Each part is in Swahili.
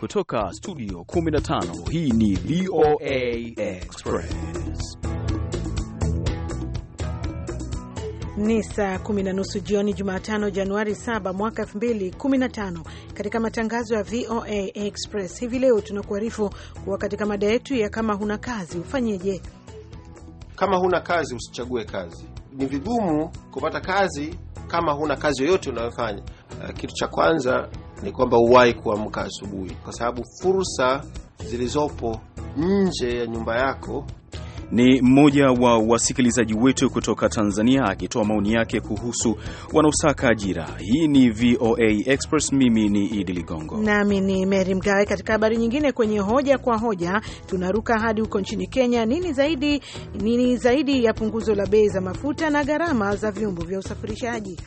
Kutoka studio 15 hii ni VOA Express. Ni saa kumi na nusu jioni Jumatano, Januari 7 mwaka 2015. Katika matangazo ya VOA Express hivi leo tunakuarifu kuwa katika mada yetu ya kama huna kazi ufanyeje. Kama huna kazi usichague kazi. Ni vigumu kupata kazi kama huna kazi yoyote unayofanya. Eh, kitu cha kwanza ni kwamba uwahi kuamka asubuhi, kwa sababu fursa zilizopo nje ya nyumba yako ni mmoja wa wasikilizaji wetu kutoka Tanzania akitoa maoni yake kuhusu wanaosaka ajira. Hii ni VOA Express, mimi ni Idi Ligongo nami ni Mary Mgawe. Katika habari nyingine, kwenye hoja kwa hoja, tunaruka hadi huko nchini Kenya. Nini zaidi, nini zaidi ya punguzo la bei za mafuta na gharama za vyombo vya usafirishaji?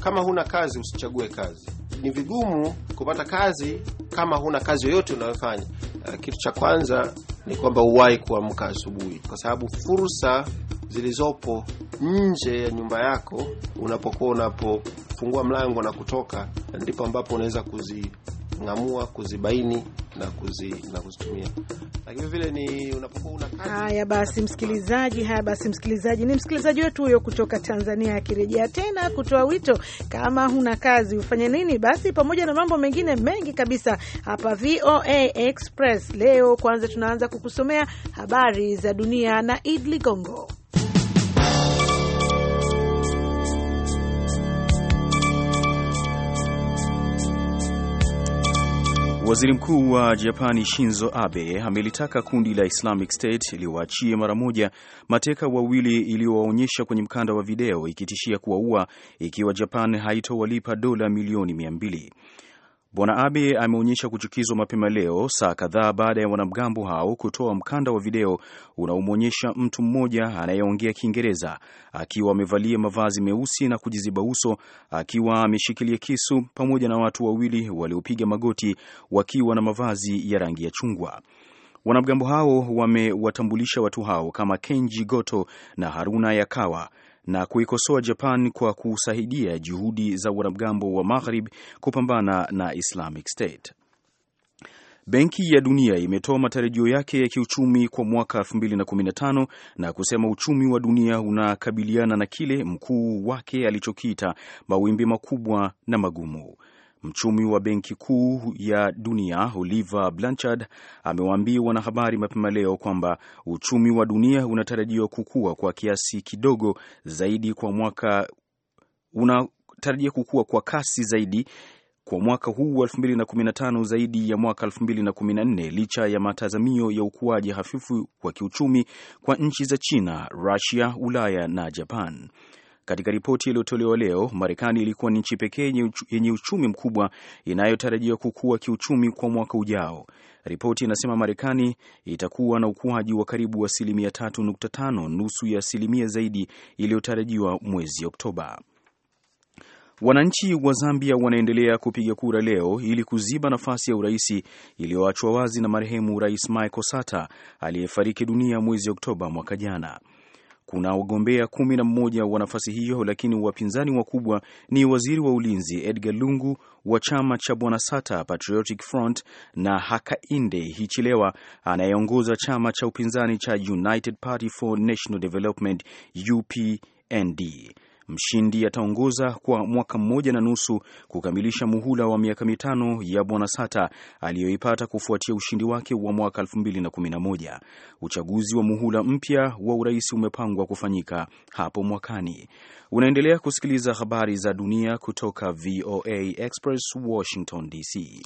Kama huna kazi, usichague kazi. Ni vigumu kupata kazi kama huna kazi yoyote unayofanya. Eh, kitu cha kwanza ni kwamba uwahi kuamka asubuhi, kwa sababu fursa zilizopo nje ya nyumba yako unapokuwa unapofungua mlango na kutoka, ndipo ambapo unaweza kuzi tunaamua kuzibaini na, kuzi, na kuzitumia lakini vile ni unapokuwa una kazi. Haya basi, msikilizaji, haya basi msikilizaji, ni msikilizaji wetu huyo kutoka Tanzania akirejea tena kutoa wito, kama huna kazi ufanye nini? Basi pamoja na mambo mengine mengi kabisa hapa VOA Express leo, kwanza tunaanza kukusomea habari za dunia na Id Ligongo. Waziri Mkuu wa Japani Shinzo Abe amelitaka kundi la Islamic State liwaachie mara moja mateka wawili iliyowaonyesha kwenye mkanda wa video ikitishia kuwaua ikiwa Japan haitowalipa dola milioni mia mbili. Bwana Abe ameonyesha kuchukizwa mapema leo, saa kadhaa baada ya wanamgambo hao kutoa mkanda wa video unaomwonyesha mtu mmoja anayeongea Kiingereza akiwa amevalia mavazi meusi na kujiziba uso akiwa ameshikilia kisu pamoja na watu wawili waliopiga magoti wakiwa na mavazi ya rangi ya chungwa. Wanamgambo hao wamewatambulisha watu hao kama Kenji Goto na Haruna Yakawa na kuikosoa Japan kwa kusaidia juhudi za wanamgambo wa Maghrib kupambana na Islamic State. Benki ya Dunia imetoa matarajio yake ya kiuchumi kwa mwaka 2015 na kusema uchumi wa dunia unakabiliana na kile mkuu wake alichokiita mawimbi makubwa na magumu. Mchumi wa Benki Kuu ya Dunia Oliver Blanchard amewaambia wanahabari mapema leo kwamba uchumi wa dunia unatarajiwa kukua kwa kiasi kidogo zaidi kwa mwaka unatarajia kukua kwa kasi zaidi kwa mwaka huu wa 2015 zaidi ya mwaka 2014 licha ya matazamio ya ukuaji hafifu wa kiuchumi kwa nchi za China, Russia, Ulaya na Japan. Katika ripoti iliyotolewa leo, Marekani ilikuwa ni nchi pekee yenye uchumi mkubwa inayotarajiwa kukua kiuchumi kwa mwaka ujao. Ripoti inasema Marekani itakuwa na ukuaji wa karibu asilimia 3.5, nusu ya asilimia zaidi iliyotarajiwa mwezi Oktoba. Wananchi wa Zambia wanaendelea kupiga kura leo ili kuziba nafasi ya uraisi iliyoachwa wazi na marehemu Rais Michael Sata aliyefariki dunia mwezi Oktoba mwaka jana. Kuna wagombea kumi na mmoja wa nafasi hiyo, lakini wapinzani wakubwa ni waziri wa ulinzi Edgar Lungu wa chama cha Bwana Sata Patriotic Front na Hakainde Hichilewa anayeongoza chama cha upinzani cha United Party for National Development UPND. Mshindi ataongoza kwa mwaka mmoja na nusu kukamilisha muhula wa miaka mitano ya Bwana Sata aliyoipata kufuatia ushindi wake wa mwaka 2011. Uchaguzi wa muhula mpya wa urais umepangwa kufanyika hapo mwakani. Unaendelea kusikiliza habari za dunia kutoka VOA Express, Washington DC.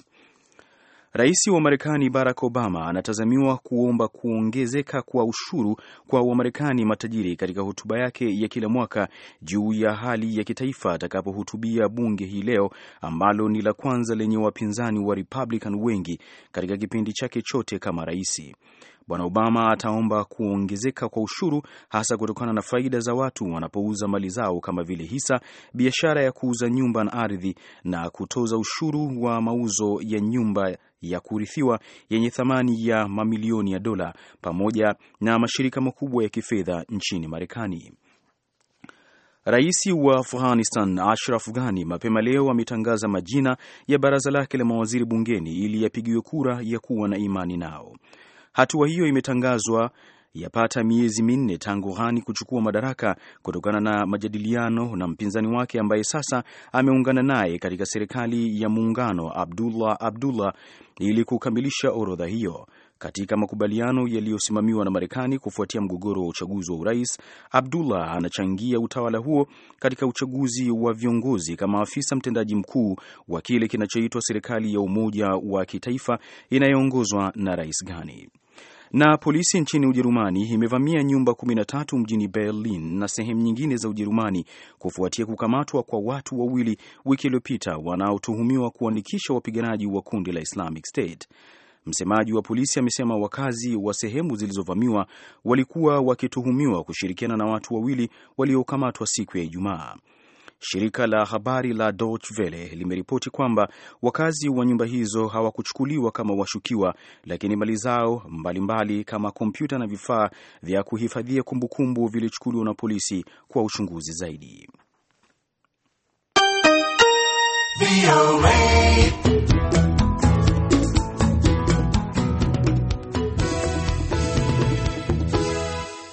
Rais wa Marekani Barack Obama anatazamiwa kuomba kuongezeka kwa ushuru kwa Wamarekani matajiri katika hotuba yake ya kila mwaka juu ya hali ya kitaifa atakapohutubia bunge hii leo, ambalo ni la kwanza lenye wapinzani wa Republican wengi katika kipindi chake chote kama rais. Bwana Obama ataomba kuongezeka kwa ushuru hasa kutokana na faida za watu wanapouza mali zao kama vile hisa, biashara ya kuuza nyumba na ardhi, na kutoza ushuru wa mauzo ya nyumba ya kurithiwa yenye thamani ya mamilioni ya dola pamoja na mashirika makubwa ya kifedha nchini Marekani. Rais wa Afghanistan Ashraf Ghani mapema leo ametangaza majina ya baraza lake la mawaziri bungeni ili yapigiwe kura ya kuwa na imani nao. Hatua hiyo imetangazwa yapata miezi minne tangu Ghani kuchukua madaraka kutokana na majadiliano na mpinzani wake ambaye sasa ameungana naye katika serikali ya muungano Abdullah Abdullah ili kukamilisha orodha hiyo. Katika makubaliano yaliyosimamiwa na Marekani kufuatia mgogoro wa uchaguzi wa urais, Abdullah anachangia utawala huo katika uchaguzi wa viongozi kama afisa mtendaji mkuu wa kile kinachoitwa serikali ya umoja wa kitaifa inayoongozwa na Rais Ghani. Na polisi nchini Ujerumani imevamia nyumba 13 mjini Berlin na sehemu nyingine za Ujerumani kufuatia kukamatwa kwa watu wawili wiki iliyopita wanaotuhumiwa kuandikisha wapiganaji wa kundi la Islamic State. Msemaji wa polisi amesema wakazi wa sehemu zilizovamiwa walikuwa wakituhumiwa kushirikiana na watu wawili waliokamatwa siku ya Ijumaa. Shirika la habari la Deutsche Welle limeripoti kwamba wakazi wa nyumba hizo hawakuchukuliwa kama washukiwa, lakini mali zao mbalimbali kama kompyuta na vifaa vya kuhifadhia kumbukumbu vilichukuliwa na polisi kwa uchunguzi zaidi.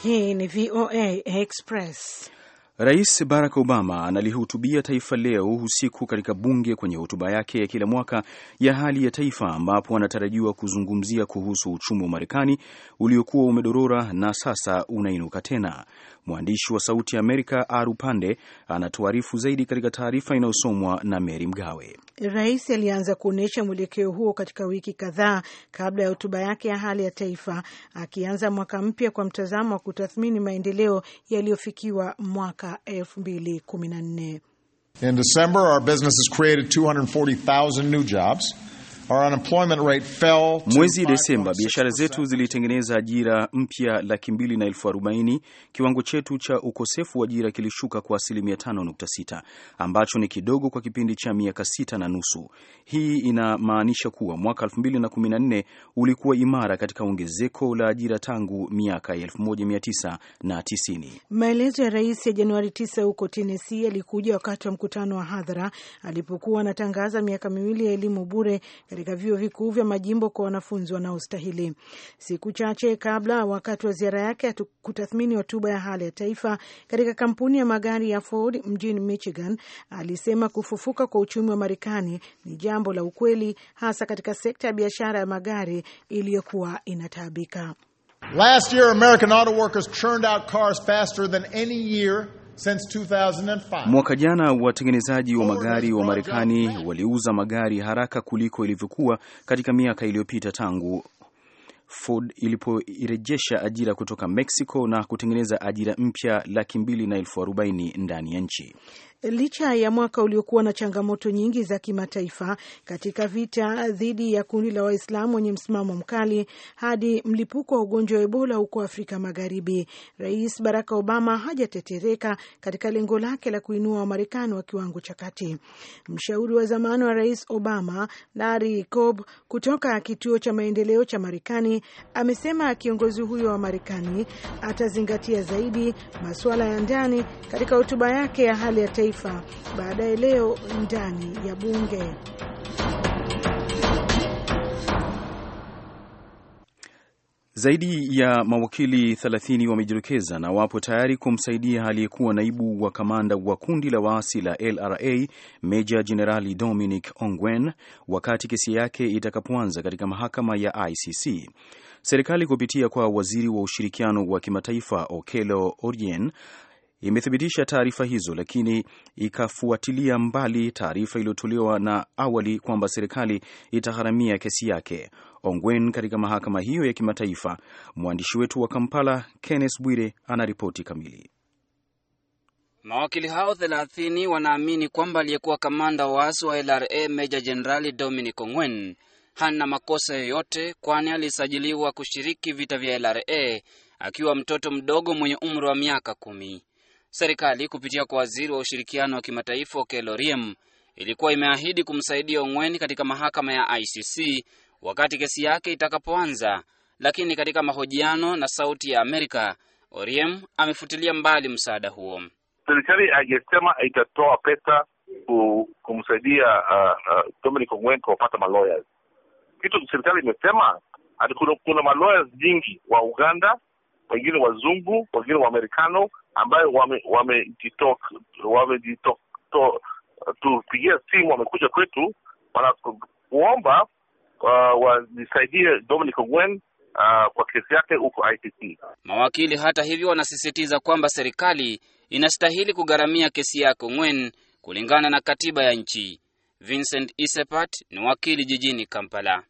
Hii ni VOA Express. Rais Barack Obama analihutubia taifa leo usiku katika bunge kwenye hotuba yake ya kila mwaka ya hali ya taifa ambapo anatarajiwa kuzungumzia kuhusu uchumi wa Marekani uliokuwa umedorora na sasa unainuka tena. Mwandishi wa Sauti ya Amerika Aru Pande anatuarifu zaidi katika taarifa inayosomwa na Meri Mgawe. Rais alianza kuonyesha mwelekeo huo katika wiki kadhaa kabla ya hotuba yake ya hali ya taifa, akianza mwaka mpya kwa mtazamo wa kutathmini maendeleo yaliyofikiwa mwaka In December, our businesses created 240,000 new jobs. Mwezi Desemba biashara zetu zilitengeneza ajira mpya laki mbili na elfu arobaini. Kiwango chetu cha ukosefu wa ajira kilishuka kwa asilimia 5.6 ambacho ni kidogo kwa kipindi cha miaka sita na nusu. Hii inamaanisha kuwa mwaka nne ulikuwa imara katika ongezeko la ajira tangu miaka 1990. Maelezo ya rais ya Januari tisa huko Tennessee yalikuja wakati wa mkutano wa hadhara alipokuwa anatangaza miaka miwili ya elimu bure katika vyuo vikuu vya majimbo kwa wanafunzi wanaostahili. Siku chache kabla, wakati wa ziara yake kutathmini hotuba ya hali ya taifa katika kampuni ya magari ya Ford mjini Michigan, alisema kufufuka kwa uchumi wa Marekani ni jambo la ukweli, hasa katika sekta ya biashara ya magari iliyokuwa inataabika. Last year American auto workers churned out cars faster than any year Mwaka jana watengenezaji wa magari wa Marekani waliuza magari haraka kuliko ilivyokuwa katika miaka iliyopita tangu Ford ilipoirejesha ajira kutoka Mexico na kutengeneza ajira mpya laki mbili na elfu arobaini ndani ya nchi. Licha ya mwaka uliokuwa na changamoto nyingi za kimataifa katika vita dhidi ya kundi la Waislamu wenye msimamo mkali hadi mlipuko wa ugonjwa wa Ebola huko Afrika Magharibi, Rais Barack Obama hajatetereka katika lengo lake la kuinua Wamarekani wa kiwango cha kati. Mshauri wa zamani wa Rais Obama Larry Cobb kutoka kituo cha maendeleo cha Marekani amesema kiongozi huyo wa Marekani atazingatia zaidi masuala ya ndani katika hotuba yake ya hali ya taifa Taifa baadaye leo ndani ya bunge. Zaidi ya mawakili 30 wamejitokeza na wapo tayari kumsaidia aliyekuwa naibu wa kamanda wa kundi la waasi la LRA Meja Jenerali Dominic Ongwen wakati kesi yake itakapoanza katika mahakama ya ICC. Serikali kupitia kwa waziri wa ushirikiano wa kimataifa Okello Orien imethibitisha taarifa hizo, lakini ikafuatilia mbali taarifa iliyotolewa na awali kwamba serikali itagharamia kesi yake Ongwen katika mahakama hiyo ya kimataifa. Mwandishi wetu wa Kampala, Kenneth Bwire, anaripoti kamili. Mawakili hao 30 wanaamini kwamba aliyekuwa kamanda wa waasi wa LRA Meja Jenerali Dominic Ongwen hana makosa yoyote, kwani alisajiliwa kushiriki vita vya LRA akiwa mtoto mdogo mwenye umri wa miaka kumi serikali kupitia kwa waziri wa ushirikiano wa kimataifa Okello Oryem ilikuwa imeahidi kumsaidia Ongwen katika mahakama ya ICC wakati kesi yake itakapoanza, lakini katika mahojiano na Sauti ya Amerika, oriem amefutilia mbali msaada huo. Serikali haijasema itatoa pesa kumsaidia uh, uh, Dominic Ongwen kuwapata malawyers. Kitu serikali imesema kuna malawyers nyingi wa Uganda wengine wazungu, wengine Waamerikano ambayo wametupigia simu, wamekuja kwetu, wanakuomba uh, wajisaidie Dominic Ongwen uh, kwa kesi yake huko itc Mawakili hata hivyo wanasisitiza kwamba serikali inastahili kugharamia kesi yake Ongwen kulingana na katiba ya nchi. Vincent Isepat ni wakili jijini Kampala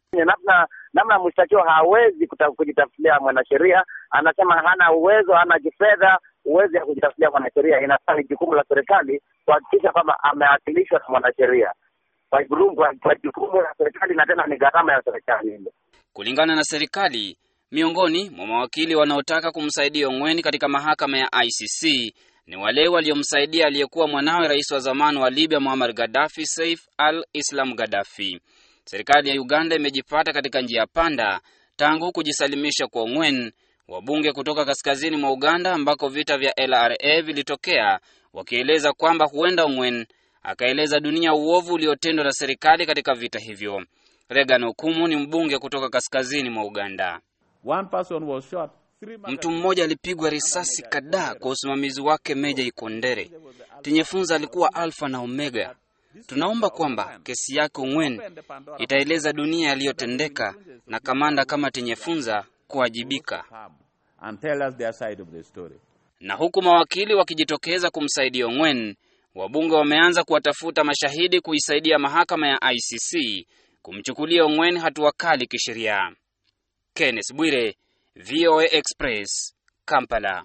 namna mshtakiwa hawezi kujitafutia mwanasheria, anasema hana uwezo, hana kifedha uwezi ya kujitafutia mwanasheria. Inafaa ni jukumu la serikali kuhakikisha kwamba amewakilishwa na mwanasheria kwa jukumu la serikali, na tena ni gharama ya serikali ile. Kulingana na serikali, miongoni mwa mawakili wanaotaka kumsaidia Ong'weni katika mahakama ya ICC ni wale waliomsaidia aliyekuwa mwanawe rais wa zamani wa Libya Muammar Gaddafi, Saif al-Islam Gaddafi serikali ya Uganda imejipata katika njia panda tangu kujisalimisha kwa Ongwen, wabunge kutoka kaskazini mwa Uganda ambako vita vya LRA vilitokea, wakieleza kwamba huenda Ongwen akaeleza dunia uovu uliotendwa na serikali katika vita hivyo. Regan Okumu ni mbunge kutoka kaskazini mwa Uganda. One person was shot. Mtu mmoja alipigwa risasi kadhaa kwa usimamizi wake Meja Ikondere. Tinyefunza alikuwa alfa na omega. Tunaomba kwamba kesi yake Ongwen itaeleza dunia yaliyotendeka na kamanda kama Tinyefunza kuwajibika. Na huku mawakili wakijitokeza kumsaidia Ongwen, wabunge wameanza kuwatafuta mashahidi kuisaidia mahakama ya ICC kumchukulia Ongwen hatua kali kisheria. Kenneth Bwire, VOA Express, Kampala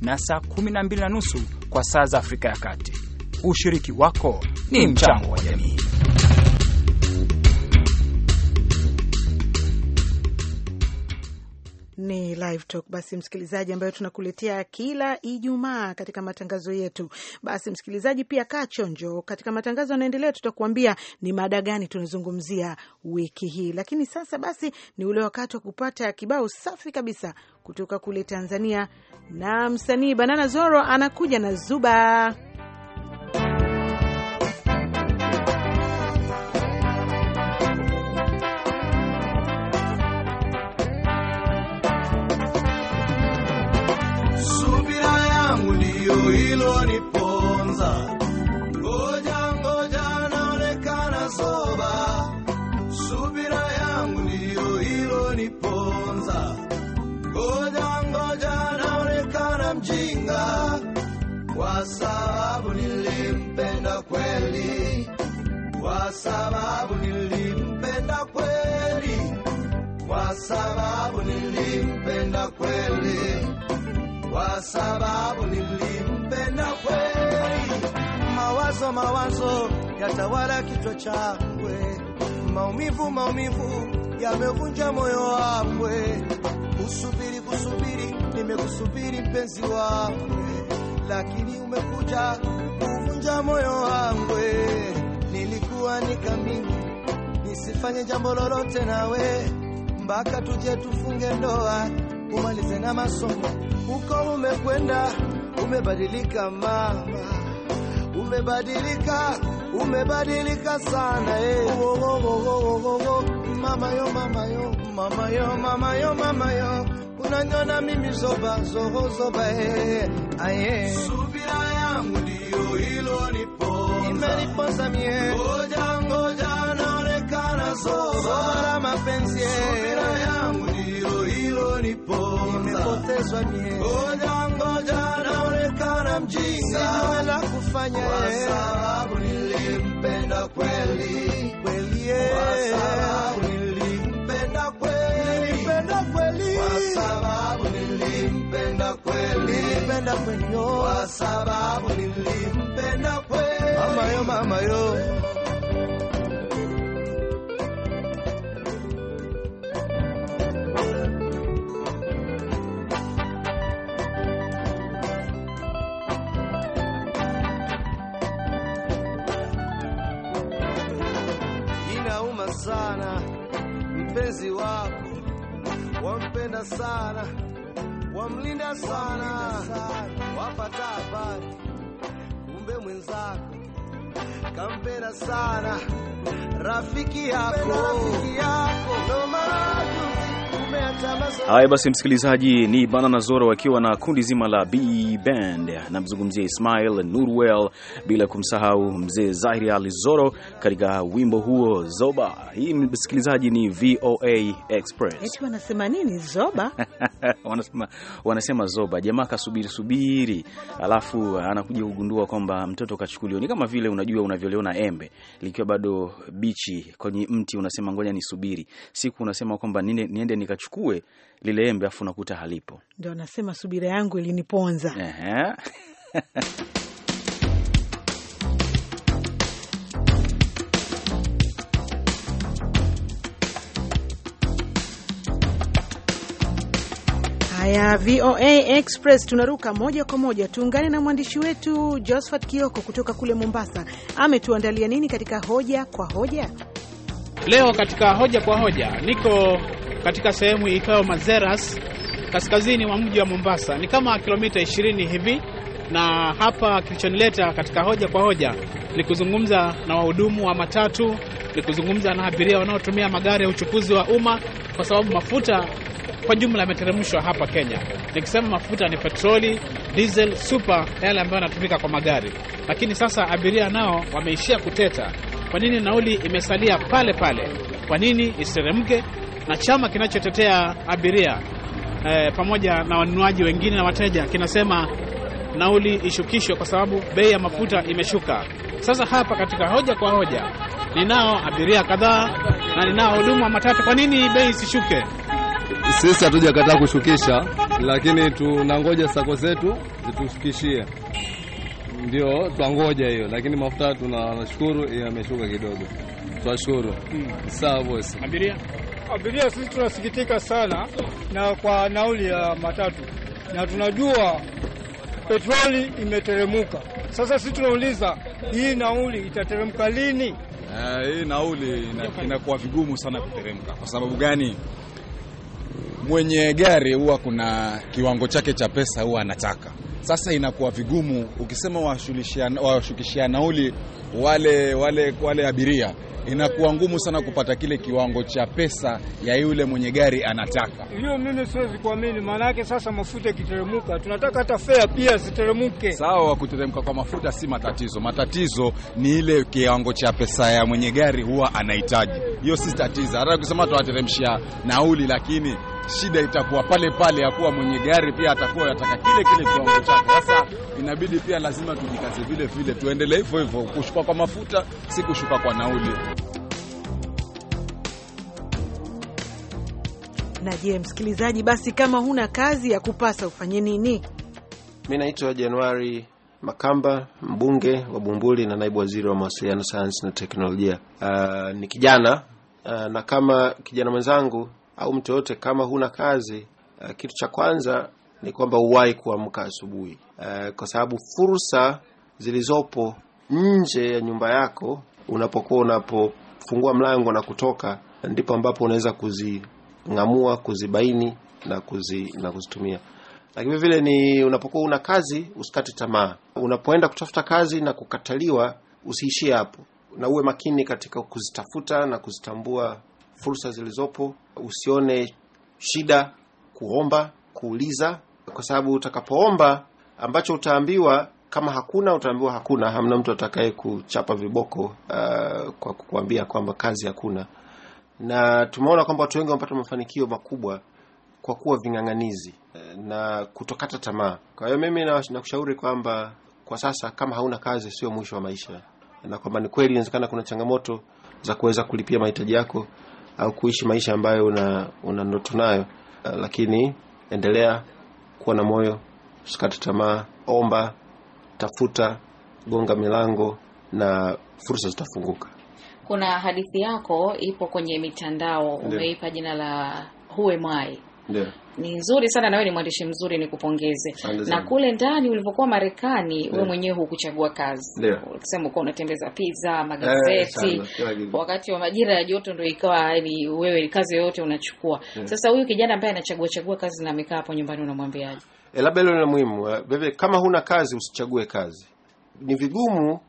na saa 12 na nusu kwa saa za Afrika ya Kati. Ushiriki wako ni mchango wa jamii. Ni Live Talk. Basi msikilizaji, ambayo tunakuletea kila Ijumaa katika matangazo yetu. Basi msikilizaji, pia kaa chonjo, katika matangazo yanaendelea, tutakuambia ni mada gani tunazungumzia wiki hii. Lakini sasa basi, ni ule wakati wa kupata kibao safi kabisa kutoka kule Tanzania, na msanii Banana Zoro anakuja na Zuba. Subira yangu ndiyo iloniponza kwa sababu nilimpenda kweli, kwa sababu nilimpenda kweli, kwa sababu nilimpenda kweli, kwa sababu nilimpenda kweli. Mawazo mawazo yatawala kichwa changu, maumivu maumivu yamevunja moyo wangu, kusubiri kusubiri nimekusubiri mpenzi wangu lakini umekuja kuvunja moyo wangu. Eh. Nilikuwa nikamini nisifanye jambo lolote nawe, mpaka tuje tufunge ndoa, umalize na masomo. Huko umekwenda, umebadilika mama, umebadilika, umebadilika sana eh. Oh, oh, oh, oh, oh, oh. Mama yo, mama yo, mama yo, mama yo, mama yo unanyona mimi zoba zoho zoba eh, eh aye subira yangu ndio hilo niponza imeniponza mie ngoja ngoja naonekana zoba mapenzi eh. subira yangu ndio hilo niponza nimepotezwa mie ngoja ngoja naonekana mjinga sijue la kufanya kwa eh. sababu nilimpenda kweli kweli yeah nilipenda kweli, kwa sababu nilimpenda kweli, nilipenda kweli, kwa sababu nilimpenda kweli, mama yo, mama yo sana, wamlinda sana, wapata habari, kumbe mwenzako kampenda sana rafiki yako, rafiki yako Haya basi, msikilizaji, ni na Zoro akiwa na kundi zima la B Band. Namzungumzia Ismail Nurwell, bila kumsahau mzee Zahiri Ali Zoro katika wimbo huo Zoba. Hii msikilizaji ni VOA Express. Eti wanasema nini Zoba? wanasema, wanasema Zoba. Jamaa kasubiri subiri, alafu anakuja kugundua kwamba mtoto kachukuliwa. Ni kama vile unajua unavyoliona embe likiwa bado bichi kwenye mti, unasema ngoja nisubiri siku, unasema kwamba niende nikachukua ukague lile embe afu unakuta halipo. Ndio anasema subira yangu iliniponza. Haya, VOA Express tunaruka moja kwa moja, tuungane na mwandishi wetu Josephat Kioko kutoka kule Mombasa. Ametuandalia nini katika hoja kwa hoja leo? Katika hoja kwa hoja niko katika sehemu ikayo Mazeras kaskazini mwa mji wa Mombasa, ni kama kilomita 20 hivi. Na hapa kilichonileta katika hoja kwa hoja ni kuzungumza na wahudumu wa matatu, ni kuzungumza na abiria wanaotumia magari ya uchukuzi wa umma, kwa sababu mafuta kwa jumla yameteremshwa hapa Kenya. Nikisema mafuta ni petroli, diesel, super, yale ambayo yanatumika kwa magari. Lakini sasa abiria nao wameishia kuteta. Kwa nini nauli imesalia pale pale? Kwa nini isiteremke? na chama kinachotetea abiria eh, pamoja na wanunuaji wengine na wateja kinasema nauli ishukishwe kwa sababu bei ya mafuta imeshuka. Sasa hapa katika hoja kwa hoja, ninao abiria kadhaa na ninao huduma matatu. Kwa nini bei isishuke? Sisi hatujakataa kushukisha, lakini tunangoja sako zetu zitushukishie, ndio twangoja hiyo. Lakini mafuta tunashukuru yameshuka kidogo, twashukuru. Hmm. Sawa bosi, abiria abiria sisi tunasikitika sana na kwa nauli ya matatu, na tunajua petroli imeteremka. Sasa sisi tunauliza hii nauli itateremka lini? Uh, hii nauli inakuwa vigumu sana kuteremka. Kwa sababu gani? Mwenye gari huwa kuna kiwango chake cha pesa huwa anataka sasa inakuwa vigumu ukisema washukishia nauli wale, wale, wale abiria inakuwa ngumu sana kupata kile kiwango cha pesa ya yule mwenye gari anataka. Hiyo mimi siwezi kuamini, maana yake sasa mafuta yakiteremka, tunataka hata fare pia ziteremke. Sawa, kuteremka kwa mafuta si matatizo, matatizo ni ile kiwango cha pesa ya mwenye gari huwa anahitaji. Hiyo si tatizo, hata kusema tuwateremshia nauli, lakini shida itakuwa pale pale ya kuwa mwenye gari pia atakuwa yataka kile kile kiwango chake. Sasa inabidi pia lazima tujikaze vile vile, tuendelee hivyo hivyo, kushuka kwa mafuta si kushuka kwa nauli. Na je, msikilizaji, basi kama huna kazi ya kupasa ufanye nini? Mi naitwa Januari Makamba, mbunge wa Bumbuli na naibu waziri wa mawasiliano, sayansi na teknolojia. Uh, ni kijana uh, na kama kijana mwenzangu au mtu yoyote, kama huna kazi, eh, kitu cha kwanza ni kwamba uwahi kuamka asubuhi, eh, kwa sababu fursa zilizopo nje ya nyumba yako unapokuwa unapofungua mlango na kutoka, ndipo ambapo unaweza kuzing'amua, kuzibaini na, kuzi, na kuzitumia. Lakini vile ni unapokuwa una kazi, usikate tamaa. Unapoenda kutafuta kazi na kukataliwa, usiishie hapo, na uwe makini katika kuzitafuta na kuzitambua fursa zilizopo, usione shida kuomba, kuuliza, kwa sababu utakapoomba ambacho utaambiwa kama hakuna utaambiwa hakuna. Hamna mtu atakaye kuchapa viboko uh, kwa kukuambia kwamba kazi hakuna, na tumeona kwamba watu wengi wamepata mafanikio makubwa kwa kuwa ving'ang'anizi eh, na kutokata tamaa. Kwa hiyo mimi nakushauri kwamba kwa sasa, kama hauna kazi, sio mwisho wa maisha, na kwamba ni kweli inawezekana kuna changamoto za kuweza kulipia mahitaji yako, au kuishi maisha ambayo una, una ndoto nayo, eh, lakini endelea kuwa na moyo, usikate tamaa, omba, tafuta, gonga milango na fursa zitafunguka. Kuna hadithi yako ipo kwenye mitandao, umeipa jina la Huwe mai ni nzuri sana, na wewe ni mwandishi mzuri, ni kupongeze. Na kule ndani ulivyokuwa Marekani, wewe yeah. mwenyewe hukuchagua kazi, ukisema uko unatembeza pizza, eh, magazeti yeah, wakati wa majira ya joto ndio ikawa ni yaani, wewe kazi yoyote unachukua yeah. Sasa huyu kijana ambaye anachagua chagua kazi na amekaa hapo nyumbani, unamwambiaje? E, labda hilo la muhimu eh, bebe, kama huna kazi usichague kazi. Ni vigumu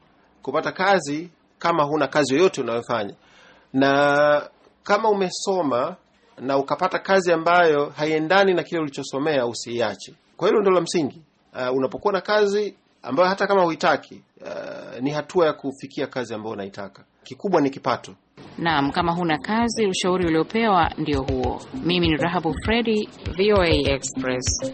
kupata kazi kama huna kazi yoyote unayofanya, na kama umesoma na ukapata kazi ambayo haiendani na kile ulichosomea, usiiache. Kwa hilo ndo la msingi. Uh, unapokuwa na kazi ambayo hata kama huitaki, uh, ni hatua ya kufikia kazi ambayo unaitaka. Kikubwa ni kipato. Naam, kama huna kazi, ushauri uliopewa ndio huo. Mimi ni Rahabu Fredi, VOA Express.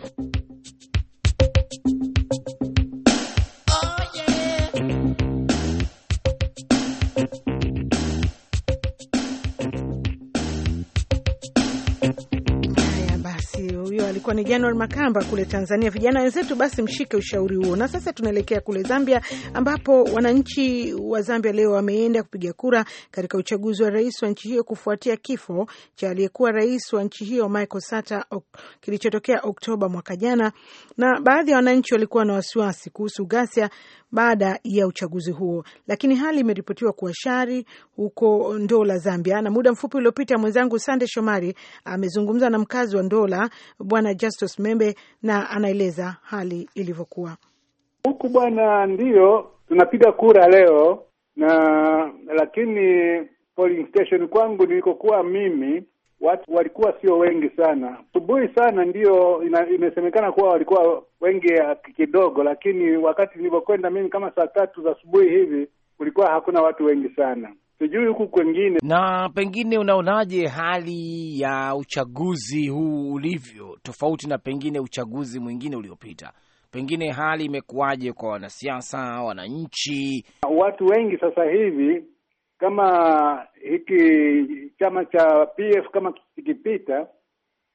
alikuwa ni Januari Makamba kule Tanzania. Vijana wenzetu, basi mshike ushauri huo. Na sasa tunaelekea kule Zambia, ambapo wananchi wa Zambia leo wameenda kupiga kura katika uchaguzi wa rais wa nchi hiyo kufuatia kifo cha aliyekuwa rais wa nchi hiyo Michael Sata ok, kilichotokea Oktoba mwaka jana, na baadhi ya wananchi walikuwa na wasiwasi kuhusu ghasia baada ya uchaguzi huo, lakini hali imeripotiwa kuwa shari huko Ndola, Zambia. Na muda mfupi uliopita mwenzangu Sande Shomari amezungumza na mkazi wa Ndola, Bwana Justus Membe, na anaeleza hali ilivyokuwa huku. Bwana, ndiyo tunapiga kura leo na lakini polling station kwangu nilikokuwa mimi watu walikuwa sio wengi sana asubuhi sana, ndiyo imesemekana kuwa walikuwa wengi kidogo, lakini wakati nilivyokwenda mimi kama saa tatu za asubuhi hivi kulikuwa hakuna watu wengi sana, sijui huku kwengine. Na pengine unaonaje hali ya uchaguzi huu ulivyo tofauti na pengine uchaguzi mwingine uliopita? Pengine hali imekuwaje kwa wanasiasa, wananchi, watu wengi sasa hivi kama hiki chama cha PF kama kikipita,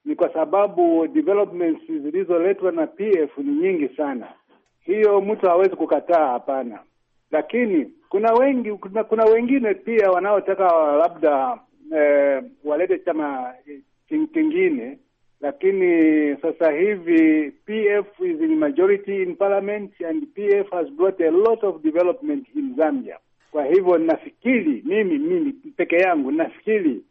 ni kwa sababu developments zilizoletwa na PF ni nyingi sana. Hiyo mtu hawezi kukataa, hapana. Lakini kuna wengi, kuna, kuna wengine pia wanaotaka labda eh, walete chama kingine, lakini sasa hivi PF is in majority in parliament and PF has brought a lot of development in Zambia. Kwa hivyo nafikiri mimi mimi peke yangu nafikiri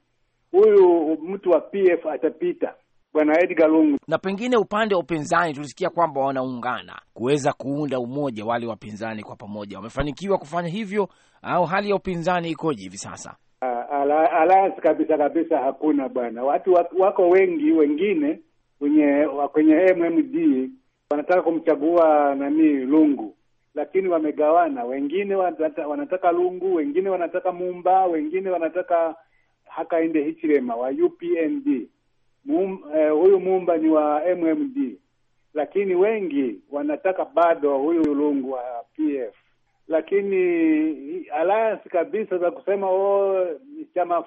huyu mtu wa PF atapita Bwana Edgar Lungu. Na pengine upande wa upinzani tulisikia kwamba wanaungana kuweza kuunda umoja, wale wapinzani kwa pamoja wamefanikiwa kufanya hivyo, au hali ya upinzani ikoje hivi sasa? Ala, kabisa kabisa, hakuna bwana. Watu wako wengi wengine kwenye kwenye MMD wanataka kumchagua nani Lungu, lakini wamegawana, wengine wanata, wanataka Lungu, wengine wanataka Mumba, wengine wanataka Hakainde Hichilema wa UPND. Mum, eh, huyu Mumba ni wa MMD, lakini wengi wanataka bado huyu Lungu wa PF. Lakini alliance kabisa za kusema oh, chama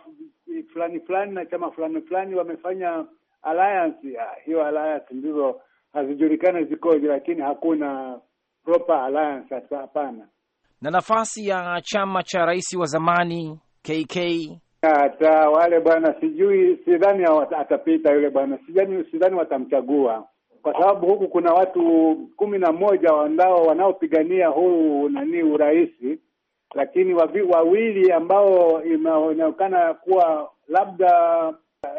fulani fulani na chama fulani fulani wamefanya alliance, ah, hiyo alliance ndizo hazijulikani zikoje, lakini hakuna proper alliance hapana. Na nafasi ya chama cha rais wa zamani KK hata wale bwana, sijui sidhani atapita yule bwana, sidhani sidhani watamchagua kwa sababu huku kuna watu kumi na moja wandao wanaopigania huu nani urais, lakini wavi, wawili ambao inaonekana kuwa labda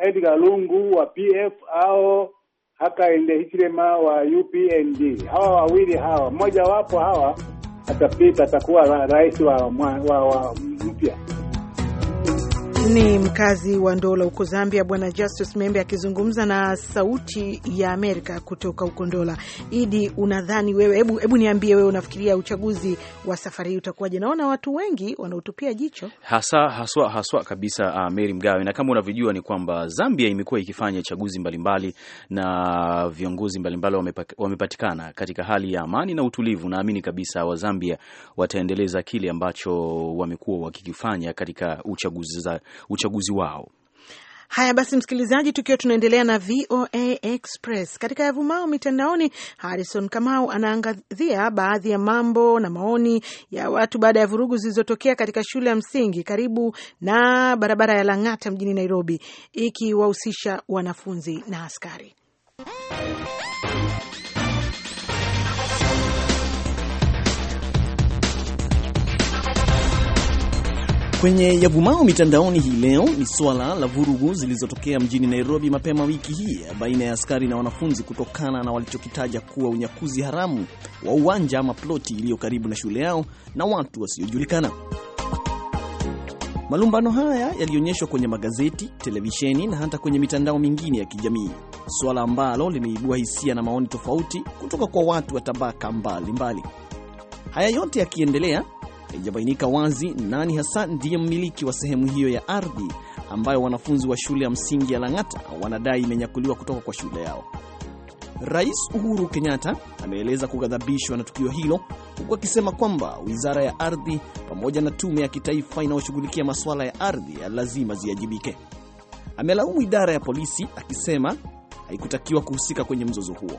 Edgar Lungu wa PF au haka Ndehishilema wa UPND. Hawa wawili hawa, mmoja wapo hawa atapita, atakuwa rais wa, wa, wa mpya. Ni mkazi wa Ndola huko Zambia, Bwana Justus Membe akizungumza na Sauti ya Amerika kutoka huko Ndola. Idi, unadhani wewe, hebu hebu niambie wewe, unafikiria uchaguzi wa safari hii utakuwaje? Naona watu wengi wanaotupia jicho hasa haswa haswa kabisa. Uh, ah, Meri Mgawe, na kama unavyojua ni kwamba Zambia imekuwa ikifanya chaguzi mbalimbali na viongozi mbalimbali mbali wamepatikana katika hali ya amani na utulivu. Naamini kabisa wa Zambia wataendeleza kile ambacho wamekuwa wakikifanya katika uchaguzi za uchaguzi wao. Haya basi, msikilizaji, tukiwa tunaendelea na VOA Express katika yavumao mitandaoni, Harrison Kamau anaangazia baadhi ya mambo na maoni ya watu baada ya vurugu zilizotokea katika shule ya msingi karibu na barabara ya Lang'ata mjini Nairobi, ikiwahusisha wanafunzi na askari Kwenye yavumao mitandaoni hii leo ni swala la vurugu zilizotokea mjini Nairobi mapema wiki hii baina ya askari na wanafunzi kutokana na walichokitaja kuwa unyakuzi haramu wa uwanja ama ploti iliyo karibu na shule yao na watu wasiojulikana. Malumbano haya yalionyeshwa kwenye magazeti, televisheni na hata kwenye mitandao mingine ya kijamii, suala ambalo limeibua hisia na maoni tofauti kutoka kwa watu wa tabaka mbalimbali. Haya yote yakiendelea, Haijabainika wazi nani hasa ndiye mmiliki wa sehemu hiyo ya ardhi ambayo wanafunzi wa shule ya msingi ya Lang'ata wanadai imenyakuliwa kutoka kwa shule yao. Rais Uhuru Kenyatta ameeleza kughadhabishwa na tukio hilo huku akisema kwamba wizara ya ardhi pamoja na tume ya kitaifa inayoshughulikia masuala ya ardhi lazima ziajibike. Amelaumu idara ya polisi akisema haikutakiwa kuhusika kwenye mzozo huo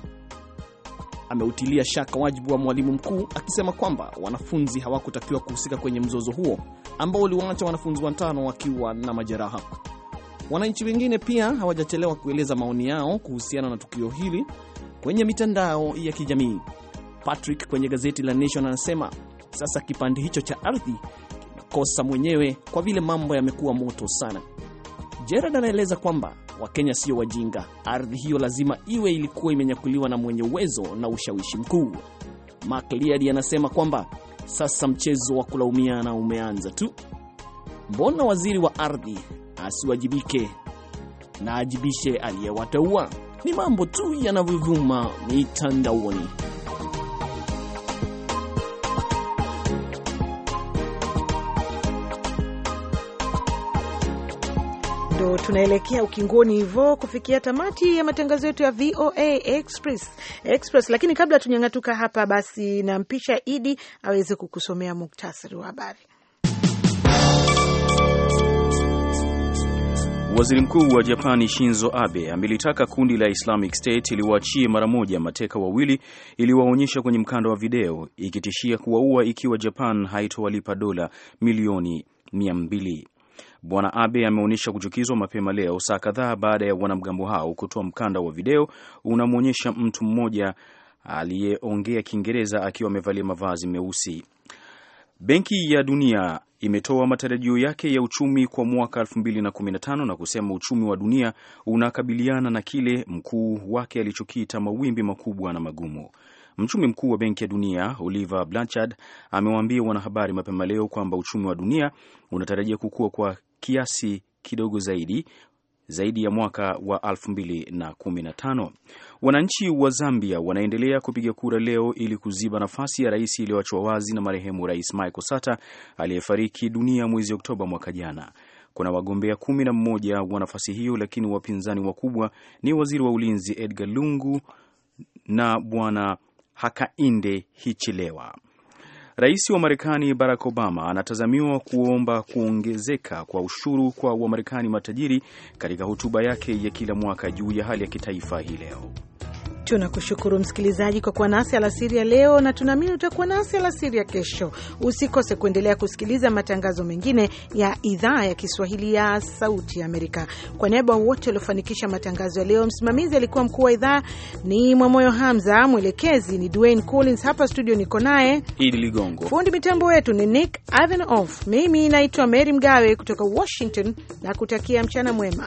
ameutilia shaka wajibu wa mwalimu mkuu akisema kwamba wanafunzi hawakutakiwa kuhusika kwenye mzozo huo ambao uliwaacha wanafunzi watano wakiwa na majeraha. Wananchi wengine pia hawajachelewa kueleza maoni yao kuhusiana na tukio hili kwenye mitandao ya kijamii. Patrick kwenye gazeti la Nation anasema sasa kipande hicho cha ardhi kinakosa mwenyewe kwa vile mambo yamekuwa moto sana. Gerard anaeleza kwamba Wakenya sio wajinga. Ardhi hiyo lazima iwe ilikuwa imenyakuliwa na mwenye uwezo na ushawishi mkuu. Mark anasema kwamba sasa mchezo wa kulaumiana umeanza tu. Mbona waziri wa ardhi asiwajibike na ajibishe aliyewateua? Ni mambo tu yanavyovuma mitandaoni. tunaelekea ukingoni hivo kufikia tamati ya matangazo yetu ya VOA Express, Express. Lakini kabla tunyang'atuka hapa, basi nampisha Idi aweze kukusomea muktasari wa habari. Waziri Mkuu wa Japani Shinzo Abe amelitaka kundi la Islamic State liwaachie mara moja mateka wawili iliwaonyesha kwenye mkanda wa video ikitishia kuwaua ikiwa Japan haitowalipa dola milioni 200. Bwana Abe ameonyesha kuchukizwa mapema leo, saa kadhaa baada ya wanamgambo hao kutoa mkanda wa video unamwonyesha mtu mmoja aliyeongea Kiingereza akiwa amevalia mavazi meusi. Benki ya Dunia imetoa matarajio yake ya uchumi kwa mwaka 2015 na kusema uchumi wa dunia unakabiliana na kile mkuu wake alichokiita mawimbi makubwa na magumu. Mchumi mkuu wa Benki ya Dunia Oliver Blanchard amewaambia wanahabari mapema leo kwamba uchumi wa dunia unatarajia kukua kwa kiasi kidogo zaidi zaidi ya mwaka wa 2015. Wananchi wa Zambia wanaendelea kupiga kura leo ili kuziba nafasi ya rais iliyoachwa wazi na marehemu Rais Michael Sata aliyefariki dunia mwezi Oktoba mwaka jana. Kuna wagombea kumi na mmoja wa nafasi hiyo, lakini wapinzani wakubwa ni waziri wa ulinzi Edgar Lungu na bwana Hakainde Hichilema. Rais wa Marekani Barack Obama anatazamiwa kuomba kuongezeka kwa ushuru kwa Wamarekani matajiri katika hotuba yake ya kila mwaka juu ya hali ya kitaifa hii leo. Tunakushukuru msikilizaji kwa kuwa nasi alasiri ya leo, na tunaamini utakuwa nasi alasiri ya kesho. Usikose kuendelea kusikiliza matangazo mengine ya idhaa ya Kiswahili ya Sauti ya Amerika. Kwa niaba wote waliofanikisha matangazo ya leo, msimamizi alikuwa mkuu wa idhaa ni Mwamoyo Hamza, mwelekezi ni Dwayne Collins, hapa studio niko naye Idi Ligongo, fundi mitambo wetu ni Nick Avenoff. Mimi naitwa Mary Mgawe kutoka Washington na kutakia mchana mwema.